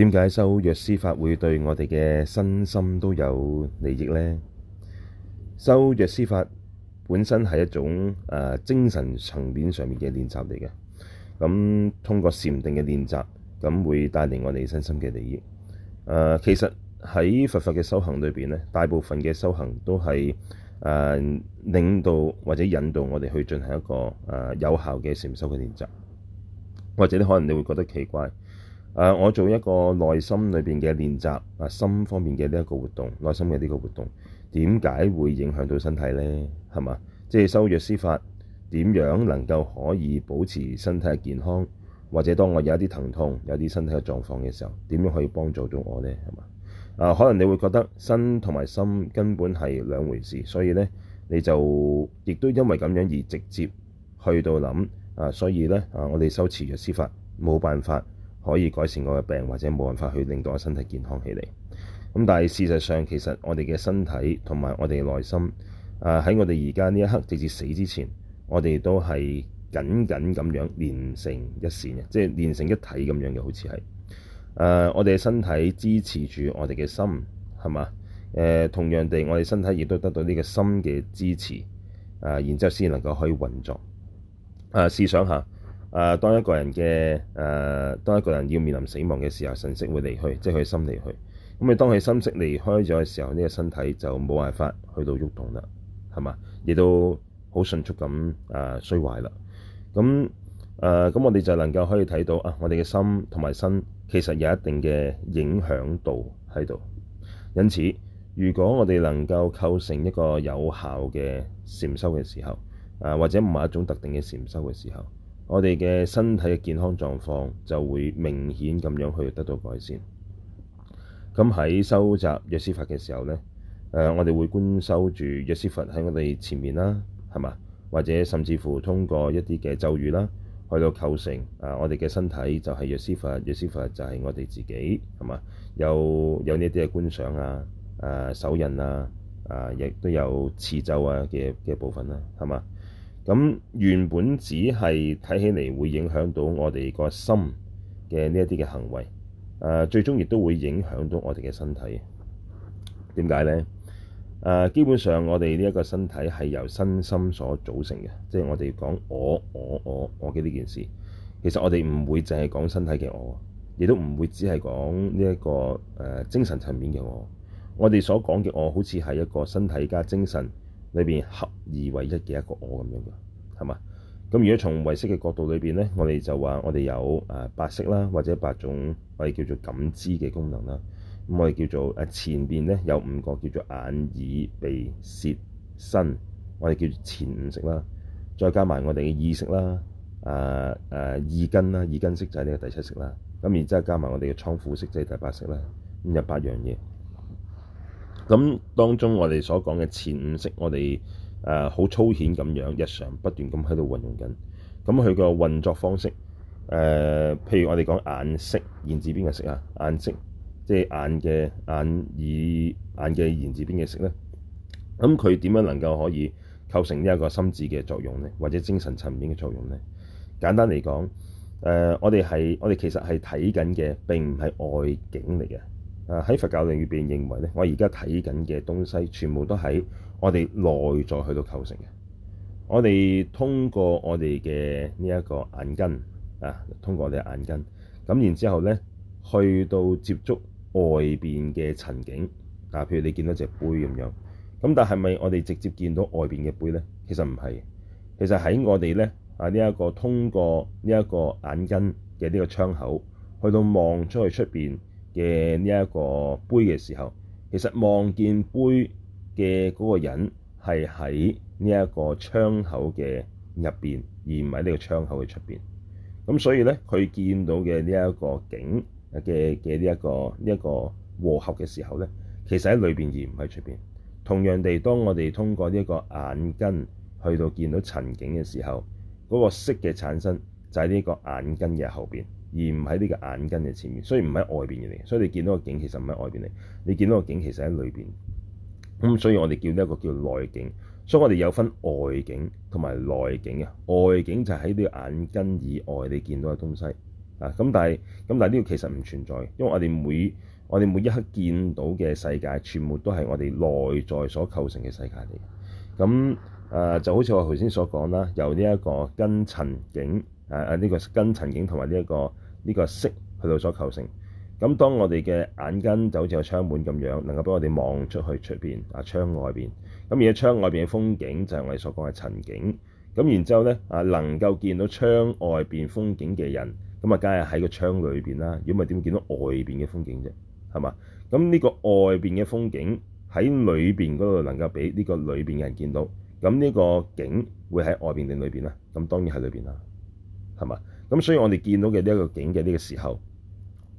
點解修藥師法會對我哋嘅身心都有利益呢？修藥師法本身係一種誒、呃、精神層面上面嘅練習嚟嘅，咁、嗯、通過禪定嘅練習，咁會帶嚟我哋身心嘅利益。誒、呃，其實喺佛法嘅修行裏邊咧，大部分嘅修行都係誒、呃、領導或者引導我哋去進行一個誒、呃、有效嘅禪修嘅練習，或者咧可能你會覺得奇怪。啊，我做一個內心裏邊嘅練習啊，心方面嘅呢一個活動，內心嘅呢個活動點解會影響到身體呢？係嘛，即係修藥師法點樣能夠可以保持身體嘅健康，或者當我有一啲疼痛、有啲身體嘅狀況嘅時候，點樣可以幫助到我呢？係嘛啊？可能你會覺得身同埋心根本係兩回事，所以呢，你就亦都因為咁樣而直接去到諗啊，所以呢，啊，我哋修持藥師法冇辦法。可以改善我嘅病，或者冇辦法去令到我身體健康起嚟。咁但係事實上，其實我哋嘅身體同埋我哋嘅內心，誒、呃、喺我哋而家呢一刻直至死之前，我哋都係緊緊咁樣連成一線，嘅，即係連成一體咁樣嘅，好似係，誒、呃、我哋身體支持住我哋嘅心，係嘛？誒、呃、同樣地，我哋身體亦都得到呢個心嘅支持，誒、呃、然之後先能夠可以運作。誒、呃、試想下。啊、呃！當一個人嘅誒、呃，當一個人要面臨死亡嘅時候，神識會離去，即係佢心離去。咁你當佢心識離開咗嘅時候，呢、這個身體就冇辦法去到喐動啦，係嘛？亦都好迅速咁啊，衰壞啦。咁誒咁，我哋就能夠可以睇到啊、呃，我哋嘅心同埋身其實有一定嘅影響度喺度。因此，如果我哋能夠構成一個有效嘅禪修嘅時候，誒、呃、或者唔係一種特定嘅禪修嘅時候。我哋嘅身體嘅健康狀況就會明顯咁樣去得到改善。咁喺修習藥師佛嘅時候咧，誒、呃、我哋會觀修住藥師佛喺我哋前面啦，係嘛？或者甚至乎通過一啲嘅咒語啦，去到構成誒、呃、我哋嘅身體就係藥師佛，藥師佛就係我哋自己，係嘛？有有呢啲嘅觀想啊、誒、啊、手印啊、啊亦都有持咒啊嘅嘅部分啦，係嘛？咁原本只係睇起嚟會影響到我哋個心嘅呢一啲嘅行為，誒、呃、最終亦都會影響到我哋嘅身體。點解咧？誒、呃、基本上我哋呢一個身體係由身心所組成嘅，即係我哋講我我我我嘅呢件事，其實我哋唔會淨係講身體嘅我，亦都唔會只係講呢一個誒、呃、精神層面嘅我。我哋所講嘅我好似係一個身體加精神。裏邊合二為一嘅一個我咁樣嘅，係嘛？咁如果從唯識嘅角度裏邊咧，我哋就話我哋有誒八識啦，或者八種，我哋叫做感知嘅功能啦。咁我哋叫做誒前邊咧有五個叫做眼、耳、鼻、舌、身，我哋叫做前五識啦。再加埋我哋嘅意識啦，誒誒耳根啦，耳根識就係呢個第七識啦。咁然之後加埋我哋嘅倉庫識就係第八識啦。咁有八樣嘢。咁當中我哋所講嘅前五識，我哋誒好粗顯咁樣，日常不斷咁喺度運用緊。咁佢個運作方式誒、呃，譬如我哋講眼識，言字邊個識啊？眼識，即係眼嘅眼耳眼嘅言字邊嘅識咧。咁佢點樣能夠可以構成呢一個心智嘅作用咧，或者精神層面嘅作用咧？簡單嚟講，誒、呃、我哋係我哋其實係睇緊嘅並唔係外景嚟嘅。誒喺佛教領域入邊認為咧，我而家睇緊嘅東西，全部都喺我哋內在去到構成嘅。我哋通過我哋嘅呢一個眼根啊，通過我哋眼根咁，然之後咧去到接觸外邊嘅塵境啊，譬如你見到隻杯咁樣。咁但係咪我哋直接見到外邊嘅杯咧？其實唔係。其實喺我哋咧啊呢一個通過呢一個眼根嘅呢個窗口，去到望出去出邊嘅呢一個杯嘅時候，其實望見杯嘅嗰個人係喺呢一個窗口嘅入邊，而唔喺呢個窗口嘅出邊。咁所以咧，佢見到嘅呢一個景嘅嘅呢一個呢一個和合嘅時候咧，其實喺裏邊而唔喺出邊。同樣地，當我哋通過呢一個眼根去到見到塵景嘅時候，嗰個色嘅產生就喺呢個眼根嘅後邊。而唔喺呢個眼根嘅前面，所以唔喺外邊嚟，所以你見到個景其實唔喺外邊嚟，你見到個景其實喺裏邊。咁所以我哋叫呢一個叫做內景。所以我哋有分外景同埋內景啊。外景就係喺呢個眼根以外你見到嘅東西啊。咁但係咁但係呢個其實唔存在，因為我哋每我哋每一刻見到嘅世界，全部都係我哋內在所構成嘅世界嚟。咁誒就好似我頭先所講啦，由呢一個根塵景。誒誒，呢、啊啊這個根塵境同埋呢一個呢、這個色去到所構成咁、嗯。當我哋嘅眼根就好似個窗門咁樣，能夠俾我哋望出去出邊啊窗外邊咁、嗯。而家窗外邊嘅風景就係我哋所講嘅塵境咁、嗯。然之後咧啊，能夠見到窗外邊風景嘅人咁啊，梗係喺個窗裏邊啦。如果唔係點見到外邊嘅風景啫？係嘛？咁、嗯、呢、這個外邊嘅風景喺裏邊嗰度能夠俾呢個裏邊嘅人見到咁，呢、嗯這個景會喺外邊定裏邊咧？咁、嗯、當然喺裏邊啦。.係嘛？咁，所以我哋見到嘅呢一個景嘅呢個時候，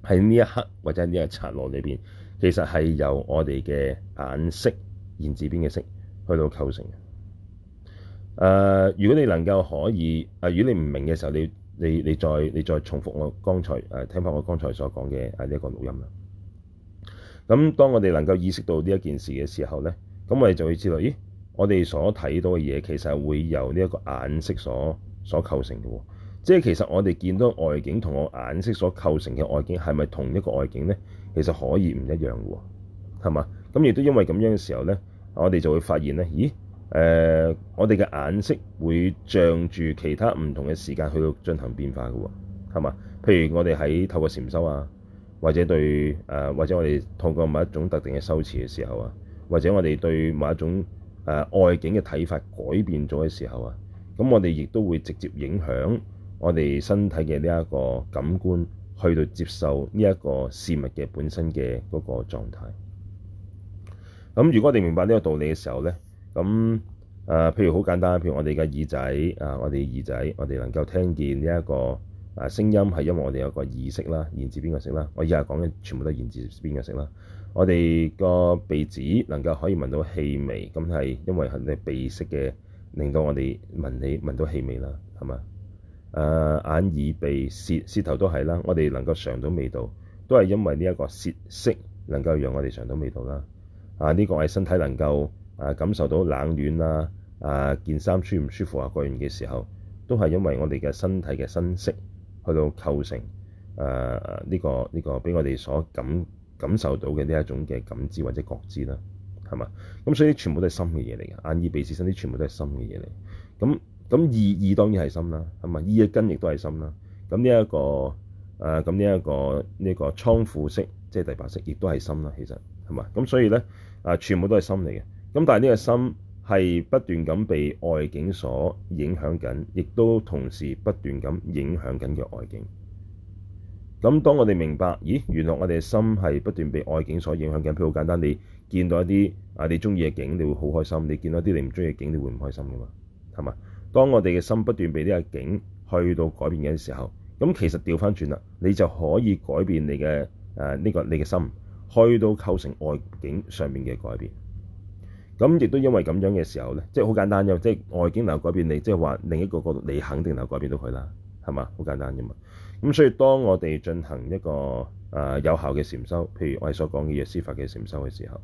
喺呢一刻或者呢個層落裏邊，其實係由我哋嘅眼識言字邊嘅識去到構成嘅。誒、呃，如果你能夠可以誒、呃，如果你唔明嘅時候，你你你再你再重複我剛才誒、呃、聽翻我剛才所講嘅啊呢一個錄音啦。咁當我哋能夠意識到呢一件事嘅時候咧，咁我哋就會知道，咦，我哋所睇到嘅嘢其實係會由呢一個眼識所所構成嘅喎、啊。即係其實我哋見到外景同我眼色所構成嘅外景係咪同一個外景咧？其實可以唔一樣嘅喎，係嘛？咁亦都因為咁樣嘅時候咧，我哋就會發現咧，咦？誒、呃，我哋嘅眼色會像住其他唔同嘅時間去到進行變化嘅喎，係嘛？譬如我哋喺透過禪修啊，或者對誒、呃，或者我哋透過某一種特定嘅修辭嘅時候啊，或者我哋對某一種誒、呃、外景嘅睇法改變咗嘅時候啊，咁我哋亦都會直接影響。我哋身體嘅呢一個感官去到接受呢一個事物嘅本身嘅嗰個狀態。咁如果我哋明白呢個道理嘅時候咧，咁誒、呃，譬如好簡單，譬如我哋嘅耳仔啊，我哋耳仔，我哋能夠聽見呢、這、一個啊聲音，係因為我哋有個耳識啦，言字邊個識啦？我以下講嘅全部都係言字邊個識啦。我哋個鼻子能夠可以聞到氣味，咁係因為係鼻識嘅，令到我哋聞起聞到氣味啦，係嘛？Uh, 眼耳鼻舌舌頭都係啦，我哋能夠嚐到味道，都係因為呢一個舌識能夠讓我哋嚐到味道啦。啊，呢個係身體能夠啊感受到冷暖啦、啊，啊件衫舒唔舒服啊，各樣嘅時候，都係因為我哋嘅身體嘅身識去到構成誒呢、啊呢個呢、呢個俾我哋所感感受到嘅呢一種嘅感知或者覺知啦，係嘛？咁所以全部都係識嘅嘢嚟嘅，眼耳鼻舌身啲全部都係識嘅嘢嚟。咁咁意意當然係心啦，係嘛？意嘅根亦都係心啦。咁呢一個誒，咁呢一個呢、這個倉庫式，即係第八式，亦都係心啦。其實係嘛？咁所以咧啊、呃，全部都係心嚟嘅。咁但係呢個心係不斷咁被外境所影響緊，亦都同時不斷咁影響緊嘅外境。咁當我哋明白，咦，原來我哋嘅心係不斷被外境所影響緊，譬如好簡單。你見到一啲啊，你鍾意嘅景，你會好開心；你見到一啲你唔鍾意嘅景，你會唔開心㗎嘛？係嘛？當我哋嘅心不斷被呢個境去到改變嘅時候，咁其實調翻轉啦，你就可以改變你嘅誒呢個你嘅心，去到構成外境上面嘅改變。咁亦都因為咁樣嘅時候咧，即係好簡單，又即係外境能夠改變你，即係話另一個角度，你肯定能夠改變到佢啦，係嘛？好簡單咋嘛。咁所以當我哋進行一個誒、呃、有效嘅禪修，譬如我哋所講嘅藥師法嘅禪修嘅時候，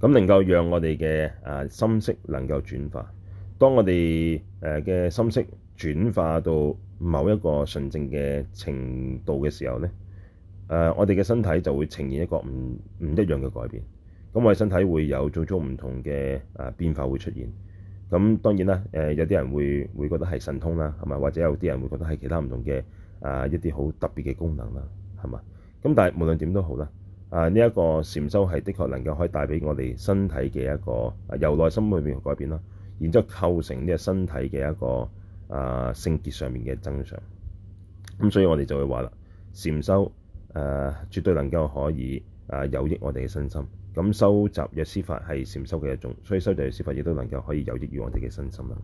咁能夠讓我哋嘅誒心識能夠轉化。當我哋誒嘅心識轉化到某一個純正嘅程度嘅時候咧，誒、呃、我哋嘅身體就會呈現一個唔唔一樣嘅改變。咁我哋身體會有種種唔同嘅啊、呃、變化會出現。咁當然啦，誒、呃、有啲人會會覺得係神通啦，係嘛？或者有啲人會覺得係其他唔同嘅啊、呃、一啲好特別嘅功能啦，係嘛？咁但係無論點都好啦，啊呢一個禪修係的確能夠可以帶俾我哋身體嘅一個由內心裏面去改變啦。然之後構成呢個身體嘅一個啊、呃、性結上面嘅增長，咁所以我哋就會話啦，禪修誒、呃、絕對能夠可以啊、呃、有益我哋嘅身心，咁收集藥師法係禪修嘅一種，所以收集藥師法亦都能夠可以有益於我哋嘅身心啦。